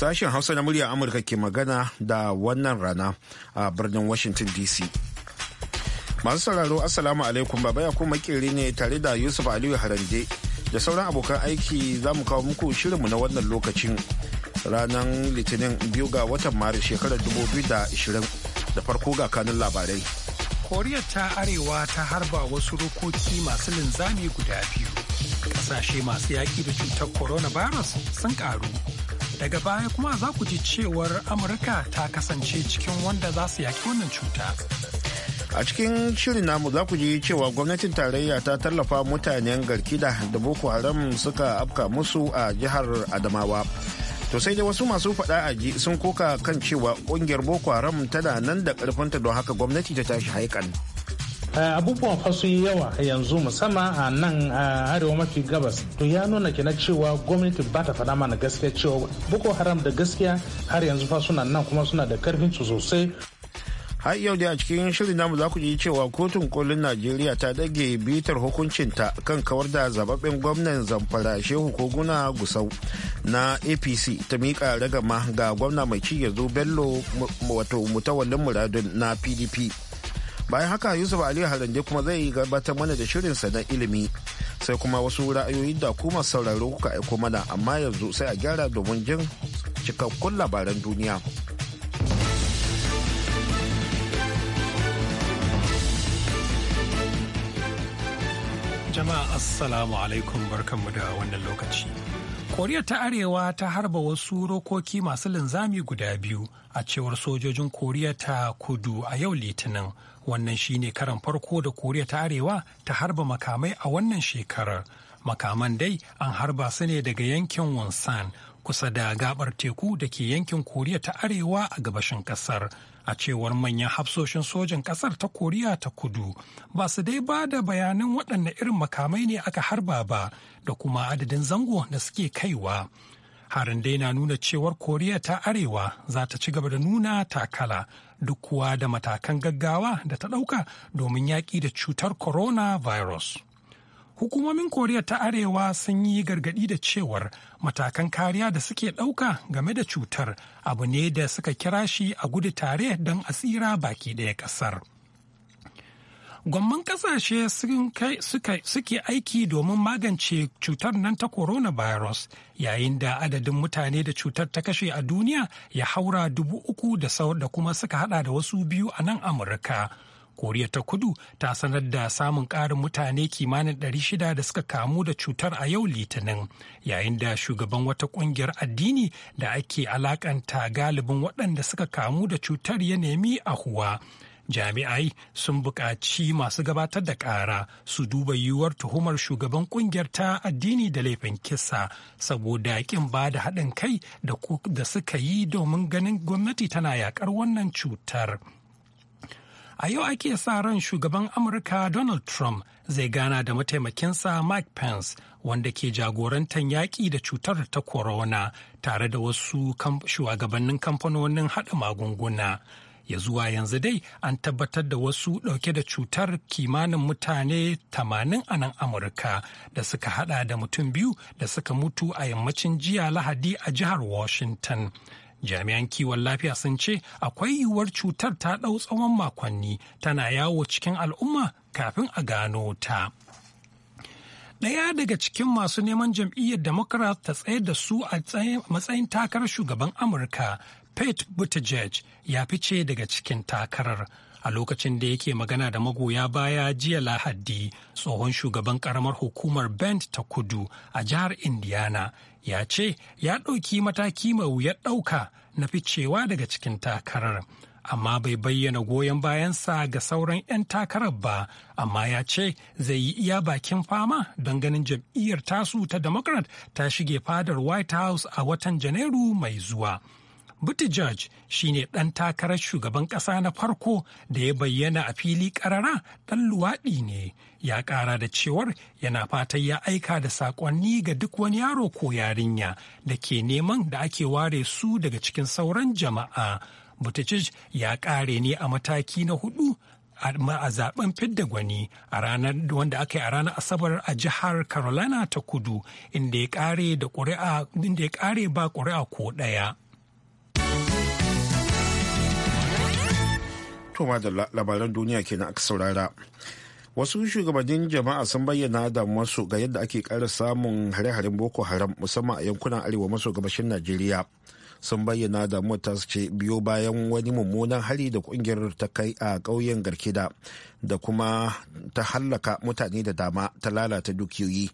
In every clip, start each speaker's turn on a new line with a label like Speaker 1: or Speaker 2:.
Speaker 1: Sashen Hausa na murya Amurka ke magana da wannan rana a birnin Washington DC. Masu sauraro Assalamu alaikum baba ya kuma kere ne tare da Yusuf Aliyu Harande da sauran abokan aiki za mu kawo muku shirinmu na wannan lokacin ranar Litinin biyu ga watan Maris shekarar 2020 da farko ga kanun labarai.
Speaker 2: Koriya ta Arewa ta harba wasu rokoki masu linzami guda biyu. Kasashe masu yaƙi da cutar coronavirus sun ƙaru. daga baya kuma za ku ji cewar amurka ta kasance cikin wanda za su yaki wannan cuta
Speaker 1: a cikin shirin namu za ku ji cewa gwamnatin tarayya ta tallafa mutanen garkida da boko haram suka afka musu a jihar adamawa to sai dai wasu masu faɗa a ji sun koka kan cewa ƙungiyar boko haram tana nan da ƙarfinta don haka gwamnati ta tashi haikan Eh, abubuwan fasu yawa yanzu musamman a nan arewa mafi gabas to ya nuna kenan cewa gwamnati ba ta faɗa mana gaskiya cewa boko haram da gaskiya har yanzu fa suna nan kuma suna da karfin su sosai har yau dai a cikin shirin namu za ku ji cewa kotun kolin najeriya ta dage bitar hukuncinta kan kawar da zababben gwamnan zamfara shehu koguna gusau na apc ta miƙa ragama ga gwamna mai ci yanzu bello wato mutawallin muradun na pdp bayan haka yusuf ali harande kuma zai yi gabatar mana da sa na ilimi sai kuma wasu ra'ayoyi da kuma sauraro kuka aiko mana amma yanzu sai a gyara domin jin cikakkun labaran duniya
Speaker 2: jama'a assalamu alaikum barkanmu da wannan lokaci koriya ta arewa ta harba wasu rokoki masu linzami guda biyu a cewar sojojin koriya ta kudu a yau litinin wannan shi ne karan farko da koriya ta arewa ta harba makamai a wannan shekarar makaman dai an harba su ne daga yankin wonsan kusa da gabar teku da ke yankin koriya ta arewa a gabashin kasar a cewar manyan hafsoshin sojan kasar ta koriya ta kudu ba su dai ba da bayanan waɗanne irin makamai ne aka harba ba da kuma adadin zango da suke kaiwa harin dai na nuna cewar koriya ta arewa za ta ci gaba da nuna takala duk kuwa da matakan gaggawa da ta ɗauka domin yaƙi da cutar coronavirus. hukumomin koriya ta arewa sun yi gargadi da cewar matakan kariya da suke ɗauka game da cutar abu ne da suka kira shi a gudu tare don asira baki ɗaya ƙasar gwamman ƙasashe suke aiki domin magance cutar nan ta coronavirus yayin da adadin mutane da cutar ta kashe a duniya ya haura dubu uku da kuma suka hada da wasu biyu a nan amurka koriya ta kudu ta sanar da samun ƙarin mutane kimanin 600 da suka kamu da cutar a yau litinin yayin da shugaban wata ƙungiyar addini da ake alakanta galibin waɗanda suka kamu da cutar ya nemi Huwa. jami'ai sun buƙaci masu gabatar da ƙara su duba yiwuwar tuhumar shugaban ƙungiyar ta addini da laifin kisa saboda ƙin ba da haɗin kai da suka yi domin ganin gwamnati tana yaƙar wannan cutar. A yau ake sa ran shugaban Amurka Donald Trump zai gana da mataimakinsa Mike Pence wanda ke jagorantar yaƙi da cutar ta corona tare da wasu shugabannin kamfanonin haɗa magunguna. Ya zuwa yanzu dai an tabbatar da wasu ɗauke da cutar kimanin mutane 80 a nan Amurka da suka hada da mutum biyu da suka mutu a yammacin jiya Lahadi a jihar Washington. jami'an kiwon lafiya sun ce akwai yiwuwar cutar ta ɗau tsawon makonni tana yawo cikin al'umma kafin a gano ta ɗaya daga cikin masu neman jam'iyyar democrat ta tsaye da su a matsayin takarar shugaban amurka pete buttigieg ya fice daga cikin takarar a lokacin da yake magana da magoya baya jiya lahadi tsohon shugaban karamar hukumar bend ta kudu a jihar indiana ya ce ya ɗauki mataki mai wuyar ɗauka na ficewa daga cikin takarar amma bai bayyana goyon bayansa ga sauran 'yan takarar ba amma ya ce zai yi iya bakin fama don ganin jam'iyyar tasu ta democrat ta shige fadar white house a watan janairu mai zuwa. Buttigieg ne ɗan takarar shugaban ƙasa na farko da ya bayyana a fili ƙarara ɗan luwaɗi ne. Ya ƙara da cewar yana fatan ya aika da saƙonni ga duk wani yaro ko yarinya da ke neman da ake ware su daga cikin sauran jama'a. Buttigieg ya ƙare ne a mataki na hudu a zaben fidda gwani a ranar wanda aka yi a ranar asabar a jihar carolina ta kudu inda ya kare ba ƙuri'a ko ɗaya.
Speaker 1: toma da labaran duniya kenan aka saurara. Wasu shugabannin jama'a sun bayyana damuwarsu ga yadda ake ƙara samun hare-haren Boko Haram musamman a yankunan arewa maso gabashin Najeriya. Sun bayyana damuwar ta ce biyo bayan wani mummunan hari da kungiyar ta kai a ƙauyen Garkida da kuma ta hallaka mutane da dama ta lalata dukiyoyi.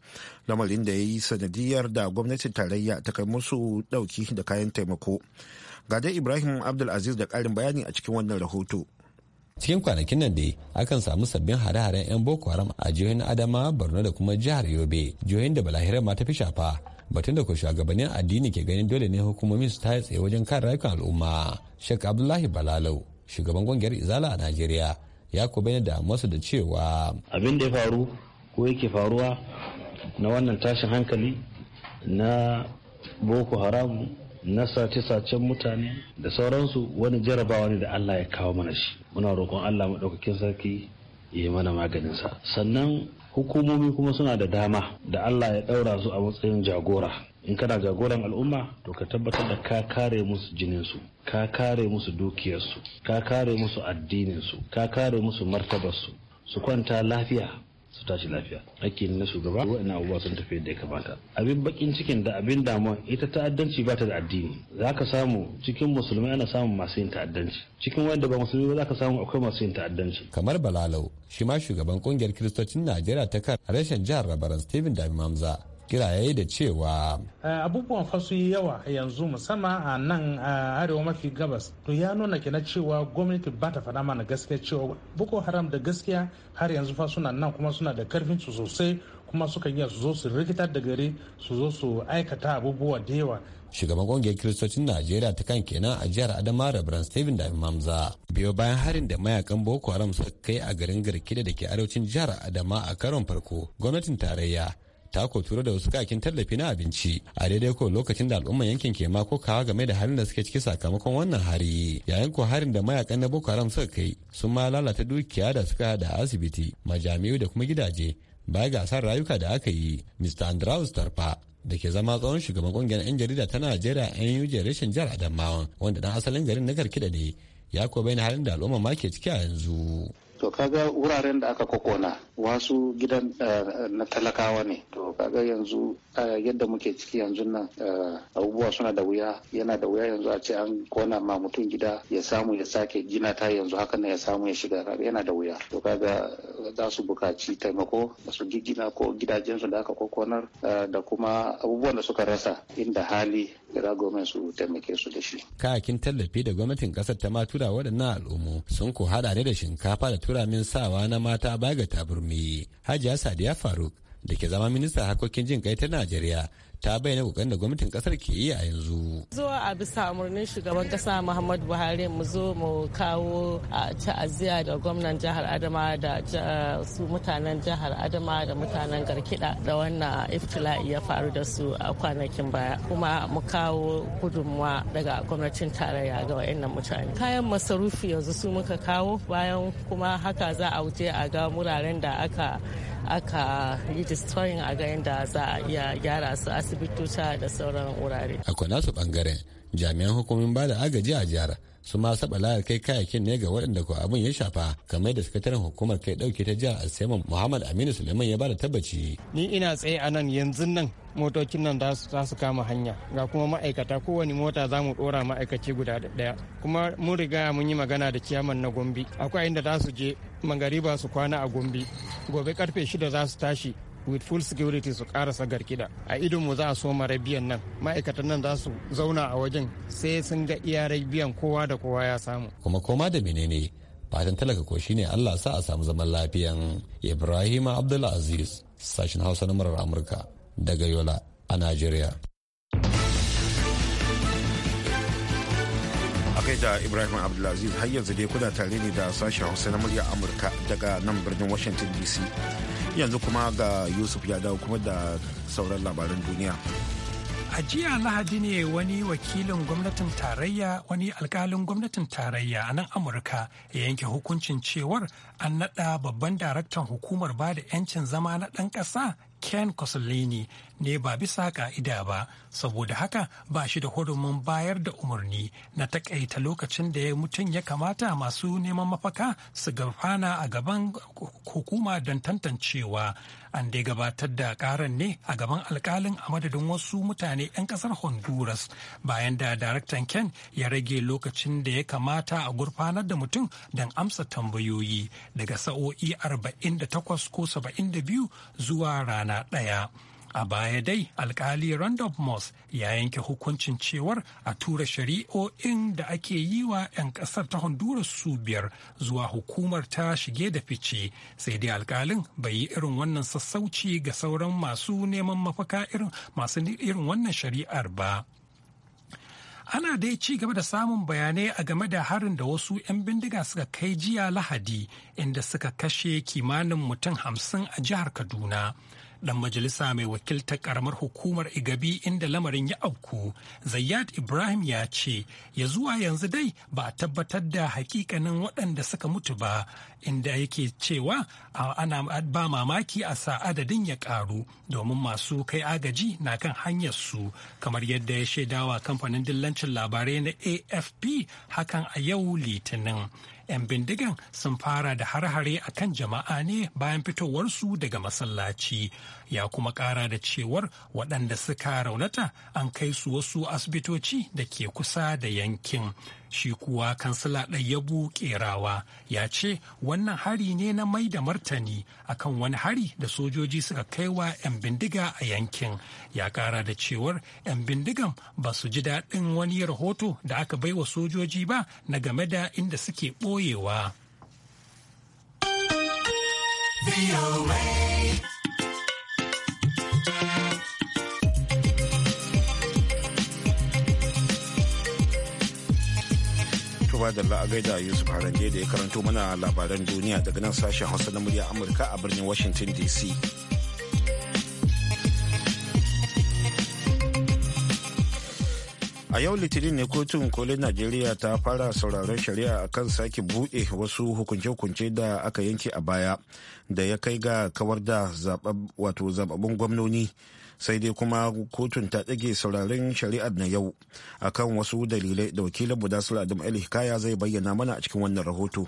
Speaker 1: Lamarin da ya yi sanadiyar da gwamnatin tarayya ta kai musu ɗauki da kayan taimako. ga dai ibrahim abdulaziz da karin bayani a cikin wannan rahoto cikin kwanakin
Speaker 3: nan dai akan samu sabbin hare-haren 'yan boko haram a jihohin adama borno da kuma jihar yobe jihohin da balahirar ma ta fi shafa batun da ku shugabannin addini ke ganin dole ne hukumomi su taya tsaye wajen kare rayukan al'umma shek abdullahi balalau shugaban gwangiyar izala a najeriya ya ku bayyana da masu da cewa
Speaker 4: abin da ya faru ko yake faruwa na wannan tashin hankali na boko haram na sace-sacen mutane da sauransu wani
Speaker 1: jarabawa ne da Allah ya kawo mana shi muna roƙon Allah maɗaukakin sarki ya yi mana maganinsa sannan hukumomi kuma suna da dama da Allah ya ɗaura su a matsayin jagora in kana jagoran al'umma to ka tabbatar da ka kare musu jininsu ka kare musu dukiyarsu ka kare musu addininsu ka kare musu martabarsu su kwanta lafiya su tashi lafiya hakkin na shugaba ina abubuwa sun tafi yadda ya kamata abin bakin cikin da abin damuwa ita ta'addanci ba ta da addini za ka samu cikin musulmai ana samun masu yin ta'addanci cikin wanda ba musulmi ba za ka samu akwai masu yin ta'addanci kamar balalau
Speaker 3: shi ma shugaban kungiyar kiristocin najeriya ta kan rashin jihar rabaran stephen dami mamza kiraye da cewa
Speaker 1: eh, abubuwan fasu yi yawa yanzu musamman a nan arewa mafi gabas to ya nuna kina cewa gwamnati ba ta faɗa mana gaskiya cewa boko haram da gaskiya har yanzu fa suna nan kuma suna da karfin su sosai kuma su sukan iya su zo su rikitar da gari su zo su aikata abubuwa da yawa
Speaker 3: shugaban kungiyar kiristocin najeriya ta kan kenan a jihar adama da steven da mamza biyo bayan harin da mayakan boko haram suka kai a garin garkida da ke arewacin jihar adama a karon farko gwamnatin tarayya tako ko turo da wasu kakin tallafi na abinci a daidai ko lokacin da al'umman yankin ke ma kawa game da halin da suke ciki sakamakon wannan hari yayin ko harin da mayakan na boko haram suka kai sun ma lalata dukiya da suka da asibiti majami'u da kuma gidaje baya ga asar rayuka da aka yi mr andrews tarfa da ke zama tsawon shugaban kungiyar 'yan jarida ta najeriya yan rashin jihar adamawa wanda dan asalin garin na karkida ne ya ko bayyana halin da al'umma ma ke ciki a yanzu
Speaker 5: to kaga wuraren da aka kokona wasu gidan eh, na talakawa ne to kaga yanzu eh, yadda muke ciki yanzu nan eh, abubuwa suna da wuya yana da wuya yanzu a ce an kona ma mutum gida ya samu ya sake gina ta yanzu hakan na ya samu ya shiga yana da wuya to kaga za su bukaci taimako da su gina ko gidajensu da aka kokonar da kuma abubuwan da suka
Speaker 2: rasa inda hali kira gwamnati su taimake su da shi.
Speaker 3: Kayakin tallafi da gwamnatin kasar ta matura waɗannan al'ummu sun ko hada ne da shinkafa da turamin sawa na mata baya ga taburmi. Hajiya Sadiya Faruk da ke zama ministan harkokin jin kai ta Najeriya ta bayyana kokarin da gwamnatin kasar ke yi a yanzu.
Speaker 6: Zuwa a bisa umarnin shugaban kasa Muhammadu Buhari mu zo mu kawo ta'aziyya da gwamnan jihar Adama da su mutanen jihar Adama da mutanen Garkida da wannan iftila'i ya faru da su a kwanakin baya kuma mu kawo gudunmuwa daga gwamnatin tarayya ga wayannan mutane. Kayan masarufi yanzu su muka kawo bayan kuma haka za a wuce a ga wuraren da aka aka yi destroying a ga yadda za a iya gyara su asibitota da sauran wurare.
Speaker 3: Akwai nasu bangaren jami'an hukumomin bada agaji a jihar su ma saba layar kai kayakin ne ga waɗanda ko abin ya shafa kamar da sakataren hukumar kai ɗauke ta jihar alsaiman muhammad aminu suleiman ya ba da tabbaci
Speaker 5: ni ina tsaye a nan yanzu nan motocin nan za su kama hanya ga kuma ma'aikata kowane mota za mu dora ma'aikaci guda daya kuma mun riga mun yi magana da ciyaman na gombe akwai inda za su je mangariba su kwana a gombe gobe karfe shida za su tashi with full security su karasa garkida a idon mu za a so rabiyan nan ma'aikatan nan za su zauna a wajen sai sun ga iya rabiyan kowa da kowa ya samu
Speaker 3: kuma koma da menene fatan talaka ko shine Allah sa a samu zaman lafiyan Ibrahim Abdulaziz sashin Hausa na murar Amurka daga Yola a nigeria.
Speaker 1: kai da ibrahim abdulaziz har yanzu dai kuna tare ne da sashen hausa na murya amurka daga nan birnin washington dc yanzu kuma ga yusuf ya dawo kuma da sauran labaran duniya
Speaker 2: a jiya lahadi ne wani wakilin gwamnatin tarayya wani alkalin gwamnatin tarayya a nan amurka ya yanke hukuncin cewar an naɗa babban daraktan hukumar ba da 'yancin zama na ɗan ƙasa Ken Kosolini ne ba bisa ka'ida ba, saboda haka ba shi da hurumin bayar da umarni na takaita lokacin da ya mutum ya kamata masu neman mafaka su gafana a gaban hukuma don tantancewa an dai gabatar da karan ne a gaban alkalin a madadin wasu mutane 'yan kasar honduras bayan da daraktan ken ya rage lokacin da ya kamata a gurfanar da mutum don amsa tambayoyi daga sa'o'i 48 ko 72 zuwa rana ɗaya. A baya dai alkali Randolph Moss ya yanke hukuncin cewar a tura shari'o'in da ake yi wa 'yan kasar ta Honduras su biyar zuwa hukumar ta shige da fice sai dai alkalin bai yi irin wannan sassauci ga sauran masu neman mafaka irin masu irin wannan shari'ar ba. ana dai ci gaba da samun bayanai a game da harin da wasu 'yan bindiga suka kai jiya lahadi inda suka kashe kimanin mutum hamsin a jihar kaduna dan majalisa mai wakiltar karamar hukumar igabi inda lamarin ya auku zayyad ibrahim ya ce ya zuwa yanzu dai ba a tabbatar da hakikanin waɗanda suka mutu ba inda yake cewa ana ba mamaki a sa adadin ya ƙaru, domin masu kai agaji na kan hanyar su kamar yadda ya shaidawa kamfanin dillancin labarai na afp hakan a yau litinin 'yan bindigan sun fara da harhare a kan jama'a ne bayan fitowarsu daga masallaci ya kuma kara da cewar waɗanda suka raunata an kai su wasu asibitoci da ke kusa da yankin shi kuwa kansila ɗayyabu ƙerawa ya ce wannan hari ne na mai da martani akan wani hari da sojoji suka kai wa 'yan bindiga a yankin ya ƙara da cewar 'yan bindigan ba su ji daɗin wani rahoto da aka baiwa sojoji ba na game da inda suke ɓoyewa.
Speaker 1: to ba da la'agaida Yusuf Harande da ya karanto mana labaran duniya daga nan sashen Hausa na murya Amurka a birnin Washington DC. a yau litinin ne kotun kolin najeriya ta fara sauraron shari'a akan sake buɗe wasu hukunce-hukunce da aka yanke a baya da ya kai ga kawar da wato gwamnoni sai dai kuma kotun ta ɗage sauraren shari'ar na yau akan wasu dalilai da wakilin budasir adam el hikaya zai
Speaker 4: bayyana mana a cikin wannan rahoto.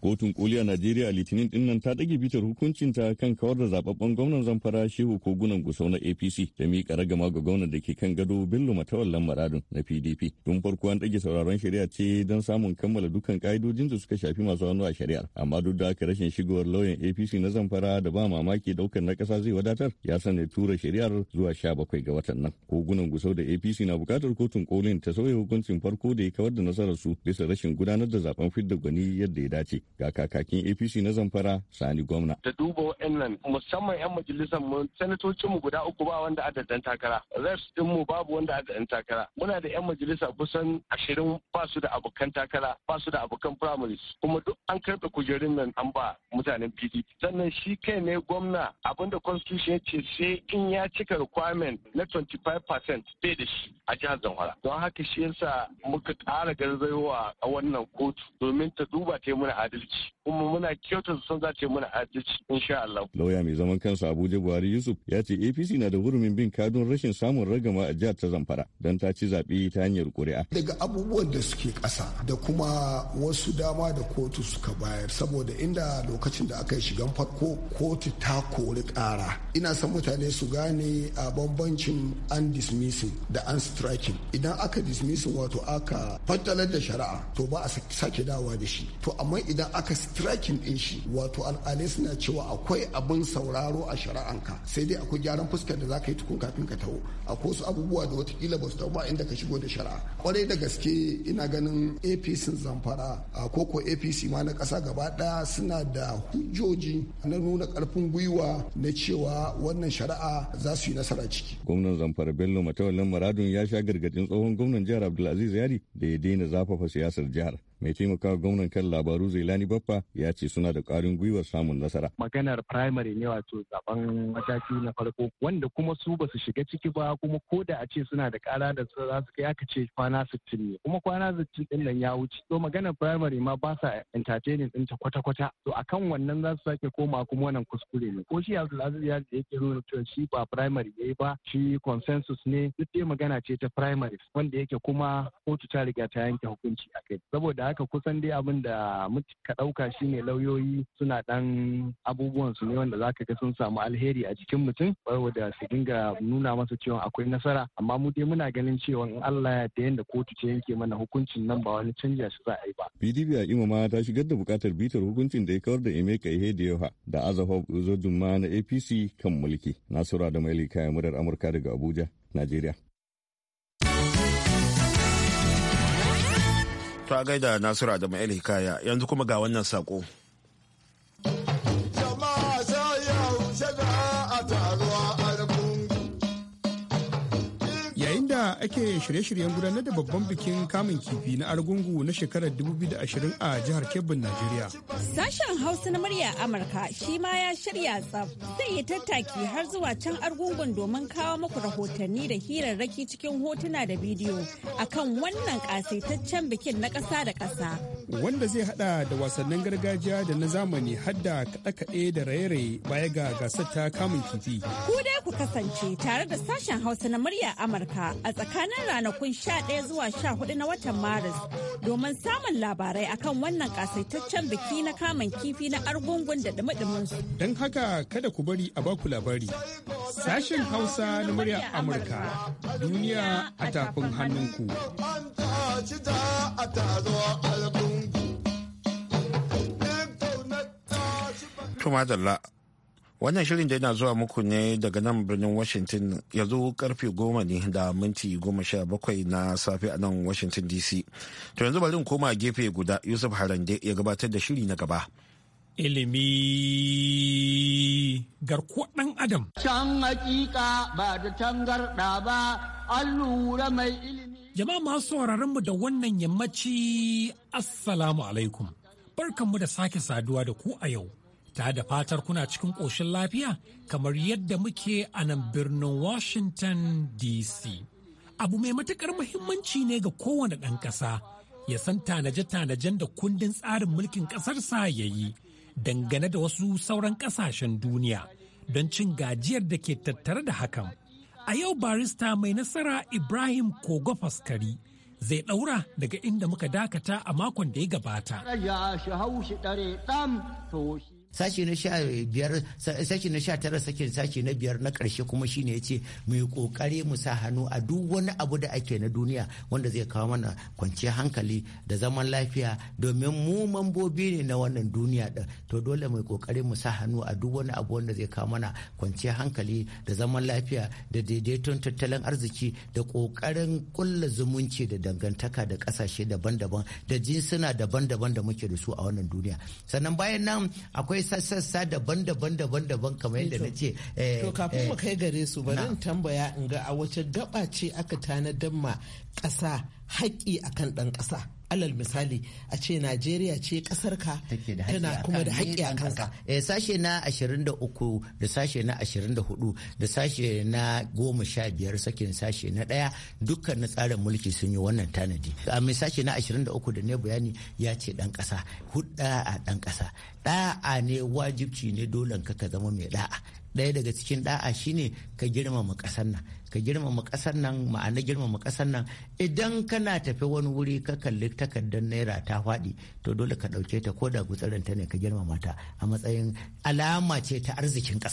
Speaker 4: kotun koli a najeriya litinin dinnan ta ɗage bitar hukuncinta kan kawar da zababben gwamnan zamfara shehu kogunan gusau na apc da miƙa ragama ga gwamnan da ke kan gado bello matawallan maradin na pdp tun farko an ɗage sauraron shari'a ce don samun kammala dukkan ƙa'idojin da suka shafi masu hannu a shari'ar amma duk da haka rashin shigowar lauyan apc na zamfara da ba mamaki ɗaukar na ƙasa zai wadatar ya sanya tura shari'ar zuwa sha bakwai ga watan nan kogunan gusau da apc na buƙatar kotun kolin ta sauya hukuncin farko da ya kawar da nasarar bisa rashin gudanar da zaben fidda gwani yadda ya dace ga kakakin apc na zamfara sani gwamna da duba wa'annan musamman yan majalisar mu sanatocinmu guda uku ba wanda a dan takara reps dinmu babu wanda a dan takara muna da yan majalisa kusan ashirin ba su da abokan takara ba su da abokan primaries kuma duk an karɓe kujerun nan an ba mutanen pdp sannan shi kai ne gwamna abinda constitution ya ce sai in ya cika requirement na 25% bai da shi a jihar zamfara don haka shi yasa muka ƙara garzayowa a wannan kotu domin ta duba ta yi mana adalci adalci kuma muna kyautar sun za ta muna adalci insha Allah. Lauya mai zaman kansa Abuja Buhari Yusuf ya ce APC na da hurumin bin kadun rashin samun ragama a jihar ta Zamfara don ta ci zaɓe ta hanyar ƙuri'a.
Speaker 1: Daga abubuwan da suke ƙasa da kuma wasu dama da kotu suka bayar saboda inda lokacin da aka yi shigan farko kotu ta kori ƙara. Ina son mutane su gane a bambancin an dismissing da an striking. Idan aka dismissing wato aka fattalar da shari'a to ba a sake dawa da shi. To amma idan aka striking ɗin shi wato alƙalai suna cewa akwai abin sauraro a shari'anka sai dai akwai gyaran fuskar da za ka yi tukun kafin ka taho akwai wasu abubuwa da watakila ba su taho ba inda ka shigo da shari'a kwarai da gaske ina ganin apc zamfara a koko apc ma na ƙasa gaba ɗaya suna da hujjoji na nuna karfin gwiwa na cewa wannan shari'a za su yi nasara ciki
Speaker 4: gwamnan zamfara bello matawallin muradun ya sha gargadin tsohon gwamnan jihar abdulaziz yari da ya daina zafafa siyasar jihar mai taimakawa gwamnan kan labaru zailani baffa ya ce suna da ƙwarin gwiwar samun nasara maganar firamare ne wato zaben mataki na farko wanda kuma su basu shiga ciki ba kuma ko da a ce suna da ƙara da za su kai aka ce kwana sittin ne kuma kwana sittin din nan ya wuce to maganar firamare ma ba sa entertaining ta kwata-kwata to akan wannan za su sake koma kuma wannan kuskure ne ko shi Abdulaziz ya da yake nuna to shi ba firamare yayi ba shi consensus ne duk dai magana ce ta firamare wanda yake kuma kotu ta riga ta yanke hukunci a kai saboda haka kusan dai abin da muka ɗauka shine lauyoyi suna ɗan abubuwan su ne wanda zaka ga sun samu alheri a jikin mutum saboda su dinga nuna masa cewa akwai nasara amma mu dai muna ganin cewa in Allah ya da yanda kotu ce yanke mana hukuncin nan ba wani canja shi za a yi ba. PDP a ma ta shigar da bukatar bitar hukuncin da ya kawar da Emeka Ihedioha da Azahab Uzodunma na APC kan mulki. Nasura da Maili kayan murar Amurka daga Abuja, Najeriya.
Speaker 1: ta gaida Nasiru Adamu El Hikaya yanzu kuma ga wannan saƙo. ake shirye-shiryen gudanar da babban bikin kamun kifi na argungu na shekarar 2020 a jihar kebbin najeriya
Speaker 6: sashen hausa na murya amurka shi ma ya shirya tsaf zai yi tattaki har zuwa can argungun domin kawo muku rahotanni da hirarraki cikin hotuna da bidiyo akan wannan kasaitaccen bikin na ƙasa da ƙasa
Speaker 1: wanda zai hada da wasannin gargajiya da na zamani hadda kaɗe-kaɗe da raye-raye baya ga gasar ta kamun kifi
Speaker 6: ku dai ku kasance tare da sashen hausa na murya amurka a tsakanin ranakun 11 zuwa 14 na watan Maris domin samun labarai akan wannan kasaitaccen biki na kamun kifi na argungun da dumi su. Don
Speaker 1: haka kada ku bari a baku labari.
Speaker 6: Sashen Hausa na murya
Speaker 1: Amurka duniya a tafin hannunku. Tuma Wannan shirin da yana zuwa muku ne daga nan birnin Washington ya zo karfe goma ne da minti goma sha bakwai na safe a nan Washington DC. To yanzu bari in koma gefe guda Yusuf Harande ya gabatar da shiri na gaba.
Speaker 2: Ilimi garkuwar ɗan Adam. Can hakika ba da tangarɗa ba, an lura mai ilimi. Jama'a masu sauraron mu da wannan yammaci, Assalamu alaikum. Barkanmu da sake saduwa da ku a yau. ta da fatar kuna cikin ƙoshin lafiya kamar yadda muke a nan birnin Washington DC. Abu mai matuƙar muhimmanci ne ga kowane ɗan ƙasa ya san tanaje-tanajen da kundin tsarin mulkin ƙasarsa ya yi dangane da wasu sauran ƙasashen duniya don cin gajiyar da ke tattare da hakan. A yau barista mai nasara Ibrahim Kogo Faskari. zai ɗaura daga inda muka dakata a makon da ya gabata.
Speaker 5: sashi na sha na tara sakin sashi na biyar na karshe kuma shine ya ce mu kokari mu sa hannu a duk wani abu da ake na duniya wanda zai kawo mana kwanciyar hankali da zaman lafiya domin mu mambobi ne na wannan duniya din to dole mu yi kokari mu sa hannu a duk wani abu wanda zai kawo mana kwanciyar hankali da zaman lafiya da daidaiton tattalin arziki da kokarin kulla zumunci da dangantaka da kasashe daban-daban da jinsuna daban-daban da muke da su a wannan duniya sannan bayan nan akwai akwai sassa daban-daban daban-daban kamar yadda na ce eh, to kafin mu eh. kai gare su bari tambaya in ga a wace gaba ce aka tanadar ma ƙasa haƙƙi kan ɗan ƙasa alal misali a ce najeriya ce kasar ka tana kuma da haƙƙi a kanka eh, sashe na 23 da sashe na 24 da sashe na 15 sakin sashe na ɗaya dukkan na tsarin mulki sun yi wannan tanadi a mai sashe na 23 da ne bayani ya ce ɗan ƙasa hudda a ɗan ƙasa ɗa'a ne wajibci ne dole ka ka zama mai ɗa'a ɗaya daga cikin da'a shine ka girmama ƙasar nan ka girmama ƙasar nan ma'ana girmama ƙasar nan idan kana tafi wani wuri ka kalli takardar naira ta faɗi to dole ka ɗauke ta ko da gutsarin ta ne ka girmama ta a matsayin alama ce ta arzikin ka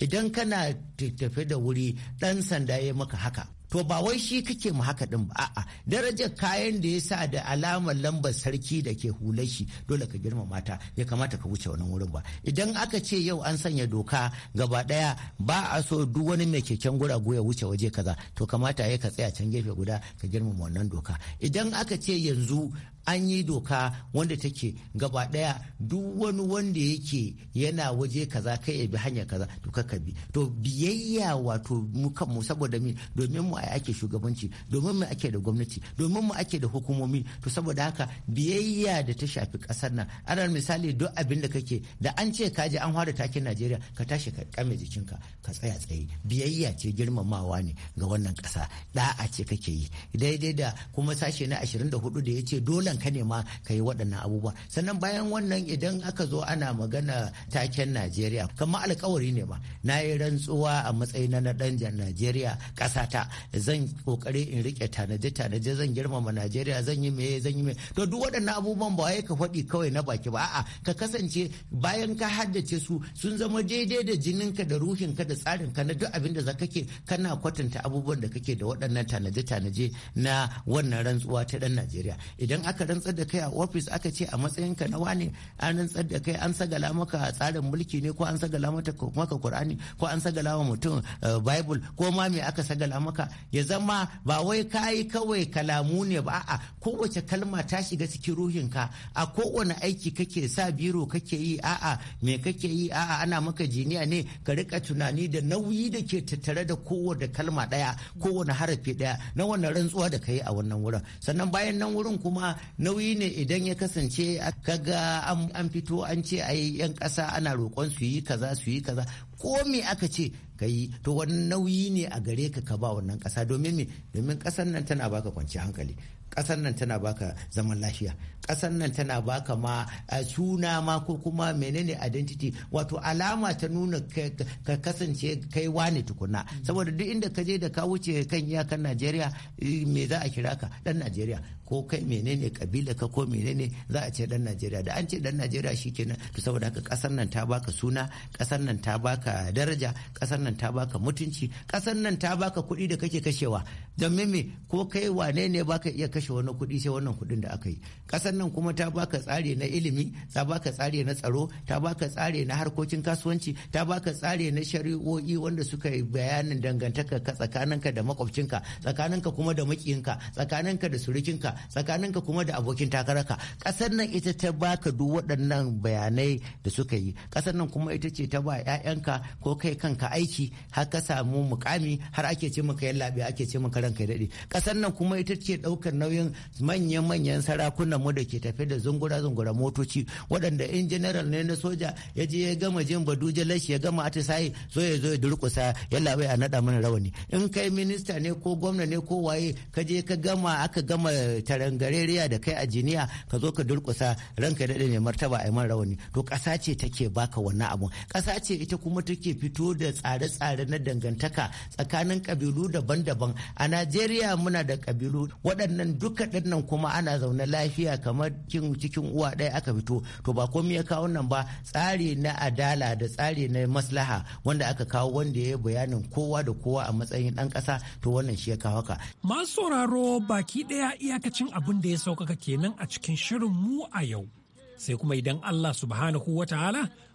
Speaker 5: idan kana tafi da wuri ɗan sanda ya maka haka to ba wai shi kake mu haka din ba a'a darajar kayan da ya sa da alamar lambar sarki da ke hular shi dole ka girmama ta ya kamata ka wuce wannan wurin ba idan aka ce yau an sanya doka gaba daya ba a so duk wani mai keken guragu ya wuce waje kaza to kamata ya ka tsaya can gefe guda ka girmama wannan doka idan aka ce yanzu an yi doka wanda take gaba daya duk wani wanda yake yana waje kaza kai ya bi hanya kaza to ka bi to biyayya wato mu kanmu saboda mi domin mu mu ake shugabanci domin mu ake da gwamnati domin mu ake da hukumomi to saboda haka biyayya da ta shafi kasar nan ana misali duk abin da kake da an ce ka je an fara takin Najeriya ka tashi ka kame jikinka ka tsaya tsaye biyayya ce girmamawa ne ga wannan kasa da'a ce kake yi daidai da kuma sashe na 24 da ya ce ka nema ma ka yi waɗannan abubuwa sannan bayan wannan idan aka zo ana magana taken Najeriya kamar alkawari ne ba na yi rantsuwa a matsayin na ɗan Najeriya ƙasata zan kokari in rike tanaje tanaje zan girmama Najeriya zan yi meye zan yi meye to duk waɗannan abubuwan ba wai ka faɗi kawai na baki ba a'a ka kasance bayan ka haddace su sun zama daidai da jinin ka da ruhin ka da tsarin ka na duk abin da za kake kana kwatanta abubuwan da kake da waɗannan tanaje tanaje na wannan rantsuwa ta ɗan Najeriya idan aka rantsar da kai a ofis aka ce a matsayin ka na wane an rantsar da kai an sagala maka tsarin mulki ne ko an sagala maka Qur'ani ko an sagala wa mutum eh, Bible ko ma me aka sagala maka ya zama ba wai kayi kawai kalamu ne ba a'a kowace kalma ta shiga cikin ruhinka a kowane aiki kake sa biro kake yi a a'a me kake yi a ana maka jiniya ne ka rika tunani da nauyi da ke tattare da kowace kalma daya kowane harafi daya na wannan rantsuwa da ka yi a wannan wurin sannan bayan nan wurin kuma nauyi ne idan ya kasance kaga an fito an ce ai yan kasa ana roƙon su yi kaza su yi kaza ko me aka ce ka yi to wani nauyi ne a gare ka ka ba wannan kasa domin me domin kasar nan tana baka kwanci hankali kasar nan tana baka zaman lafiya kasar nan tana baka ma suna ma ko kuma menene identity wato alama ta nuna ka kasance kai wani tukuna saboda duk inda ka je da ka wuce kan iyakan najeriya me za a kira ka dan najeriya ko kai menene kabila ka ko menene za a ce dan najeriya da an ce dan najeriya shikenan to saboda haka kasar nan ta baka suna kasar nan ta baka daraja kasar nan ta baka mutunci kasar nan ta baka kuɗi da kake kashewa don me ko kai wane ne baka iya kashe wani kuɗi sai wannan kuɗin da aka yi ƙasar nan kuma ta baka tsare na ilimi ta baka tsare na tsaro ta baka tsare na harkokin kasuwanci ta baka tsare na shari'o'i wanda suka yi bayanin dangantaka ka tsakaninka da makwabcinka tsakaninka kuma da makiyinka tsakaninka da surukinka tsakaninka kuma da abokin takaraka ƙasar nan ita ta baka duk waɗannan bayanai da suka yi ƙasar nan kuma ita ce ta ba 'ya'yanka ko kai kanka aiki har ka samu mukami har ake ce maka yallaɓe ake ce maka ranka daɗe ƙasar nan kuma ita ce ɗaukar na nauyin manya manyan sarakunan mu da ke tafe da zungura-zungura motoci waɗanda in general ne na soja ya je ya gama jin baduje lashi ya gama atisaye so ya zo ya durkusa ya labe a naɗa mana rawani in kai minista ne ko gwamna ne ko waye ka je ka gama aka gama tarangarereya da kai a jiniya ka zo ka durkusa ranka daɗe ne martaba a man rawani to ƙasa ce take baka wannan abun ƙasa ce ita kuma take fito da tsare-tsare na dangantaka tsakanin ƙabilu daban-daban a najeriya muna da ƙabilu waɗannan duka nan kuma ana zaune lafiya kamar cikin uwa ɗaya aka fito to ba komai ya kawo nan ba tsari na adala da tsari na maslaha wanda aka kawo wanda ya yi bayanin kowa da kowa a matsayin ɗan ƙasa to wannan shi ya kawo ka.
Speaker 2: Masu sauraro baki ɗaya iyakacin abin da ya sauƙaƙa kenan a cikin shirin mu a yau. Sai kuma idan Allah subhanahu wa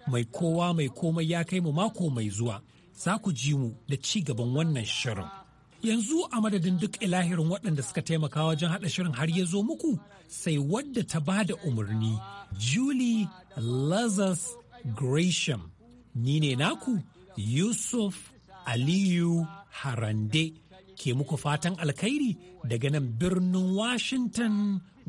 Speaker 2: mai kowa mai komai ya kai mu mako mai zuwa za ku ji mu da ci gaban wannan shirin. Yanzu a madadin duk ilahirin waɗanda suka taimaka wajen haɗa shirin har ya zo muku sai wadda ta ba da umarni Julie Lazarus Gresham. Ni ne naku Yusuf Aliyu Harande ke muku fatan alkhairi daga nan birnin Washington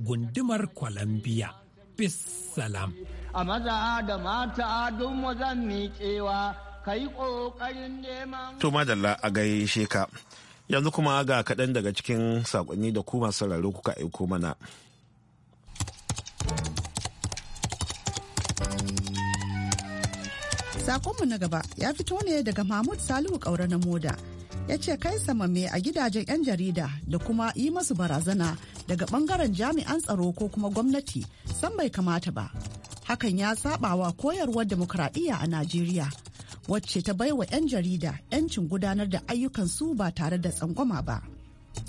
Speaker 2: gundumar Columbia. bisalam salam.
Speaker 5: A maza da mata don wazan miƙewa, kai ƙoƙarin neman. To
Speaker 1: madalla a gaishe ka. yanzu kuma ga kaɗan daga cikin saƙonni da kuma sauraro kuka aiko mana
Speaker 6: Sakonmu na gaba ya fito ne daga Mahmud Salihu ƙaura na Moda. Ya ce kai samame a gidajen 'yan jarida da kuma yi masu barazana daga bangaren jami'an tsaro ko kuma gwamnati san bai kamata ba. Hakan ya sabawa koyarwar demokradiyya a Najeriya. wacce ta baiwa 'yan jarida 'yancin gudanar da ayyukansu ba tare da tsangwama ba.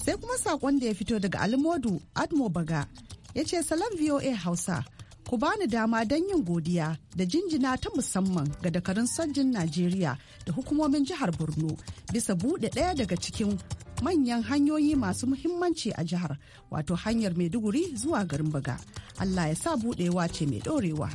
Speaker 6: Sai kuma sakon da ya fito daga Almodu Admo Baga ya ce salam VOA Hausa ku bani dama don yin godiya da jinjina ta musamman ga dakarun sojin Najeriya da hukumomin jihar Borno bisa buɗe ɗaya daga cikin manyan hanyoyi masu muhimmanci a jihar wato hanyar Maiduguri zuwa garin Baga. Allah ya sa buɗewa ce mai ɗorewa.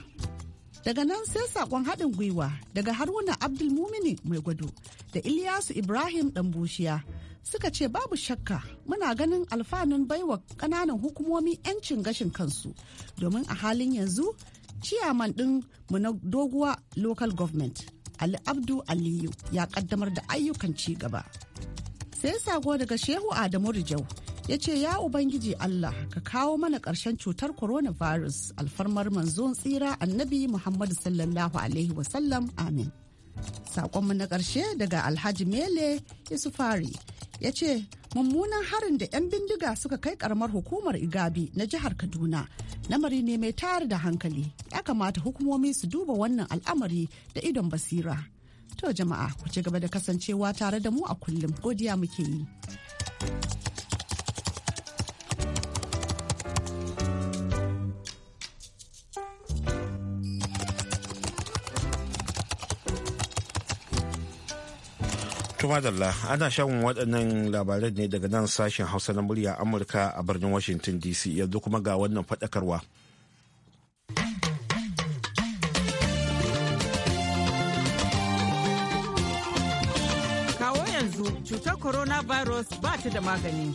Speaker 6: Daga nan sai sakon haɗin gwiwa daga Haruna Abdulmumini mai gwado da Ilyasu Ibrahim bushiya suka ce babu shakka muna ganin alfanun baiwa ƙananan hukumomi 'yancin gashin kansu domin a halin yanzu ciyaman ɗin mu na doguwa local government Ali Abdu Aliyu ya ƙaddamar da ayyukan ci gaba. Sai sako daga Shehu Adamu Rijau ya ce ya ubangiji Allah ka kawo mana ƙarshen cutar coronavirus alfarmar manzon tsira annabi Muhammadu sallallahu alaihi wasallam amin. Saƙonmu na ƙarshe daga Alhaji Mele Isufari ya ce mummunan harin da 'yan bindiga suka kai karamar hukumar Igabi na jihar Kaduna lamari ne mai tayar da hankali ya kamata hukumomi su duba wannan al'amari da idon basira. To jama'a ku ci gaba da kasancewa tare da mu a kullum godiya muke yi.
Speaker 1: madalla ana shan waɗannan labaran ne daga nan sashen Hausa na murya Amurka a birnin Washington DC yanzu kuma ga wannan faɗakarwa.
Speaker 5: Kawo yanzu cutar coronavirus ba ta da magani.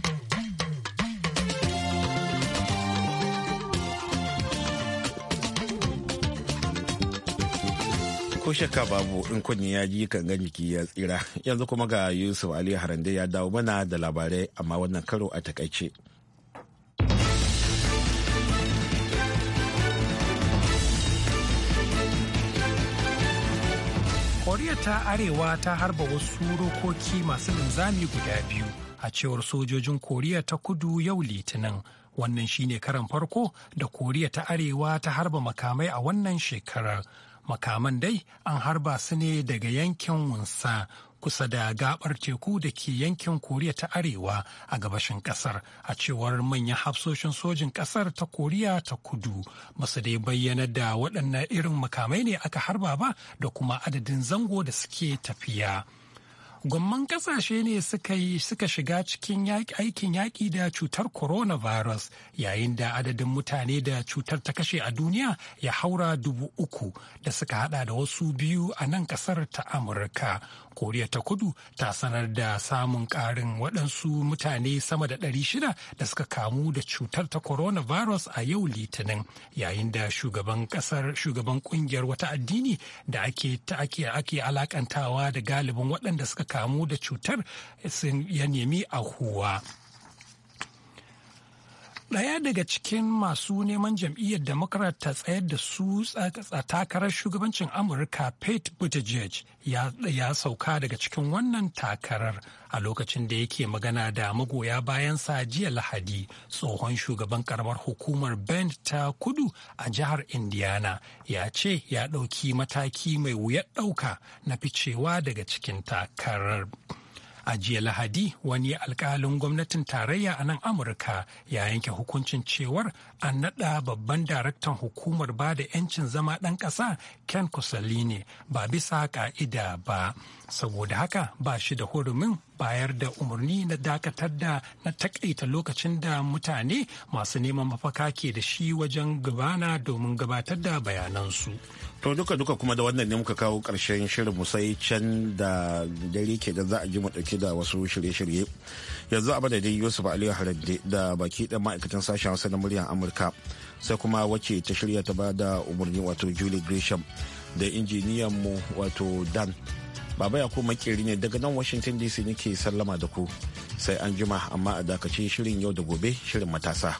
Speaker 1: ko shakka babu in kunni ya ji kan ga jiki ya tsira yanzu kuma ga yusuf ali harande ya dawo mana da labarai amma wannan karo a takaice
Speaker 2: koriya ta arewa ta harba wasu rokoki masu linzami guda biyu a cewar sojojin koriya ta kudu yau litinin wannan shine karan farko da koriya ta arewa ta harba makamai a wannan shekarar makaman dai an harba su ne daga yankin wunsa kusa da gabar teku da ke yankin koriya ta arewa a gabashin kasar a cewar manyan hafsoshin sojin kasar ta koriya ta kudu masu dai bayyana da waɗannan irin makamai ne aka harba ba da kuma adadin zango da suke tafiya. Gwamman kasashe ne suka yi suka shiga cikin aikin yaƙi da cutar coronavirus yayin da adadin mutane da cutar ta kashe a duniya ya haura dubu uku da suka hada da wasu biyu a nan kasar ta Amurka. Koriya ta kudu ta sanar da samun ƙarin waɗansu mutane sama da ɗari shida da suka kamu da cutar ta coronavirus a yau litinin yayin da shugaban ƙasar shugaban ƙungiyar wata addini da ake ake alakantawa da galibin waɗanda suka kamu da cutar ya nemi a huwa. Ɗaya daga cikin masu neman jam'iyyar Democrat ta tsayar da su a takarar shugabancin Amurka Pete Buttigieg ya sauka daga cikin wannan takarar a lokacin da yake magana da magoya bayansa jiya Lahadi tsohon shugaban karamar hukumar Bend ta kudu a jihar Indiana ya ce ya ɗauki mataki mai wuyar ɗauka na ficewa daga cikin takarar. A jiya Lahadi wani alkalin gwamnatin tarayya a nan Amurka ya yanke hukuncin cewar an naɗa babban daraktan hukumar ba da 'yancin zama ɗan ƙasa Ken Kusalini ba bisa ƙa'ida ba. Saboda haka ba shi da hurumin bayar da umarni na dakatar da na takaita lokacin da mutane masu neman mafaka ke da shi wajen gabana domin gabatar da bayanansu.
Speaker 1: To duka duka kuma da wannan ne muka kawo ƙarshen shirin mu can da dare ke da za a ji mu dauke da wasu shirye-shirye. Yanzu a madadin Yusuf Aliyu Harande da baki ɗan ma'aikatan sashen Hausa na muryar Amurka sai kuma wace ta shirya ta ba da umarni wato Julie Gresham da injiniyan mu wato Dan. Baba ya kuma makeri ne daga nan Washington DC nake sallama da ku. Sai an jima amma a dakace shirin yau da gobe shirin matasa.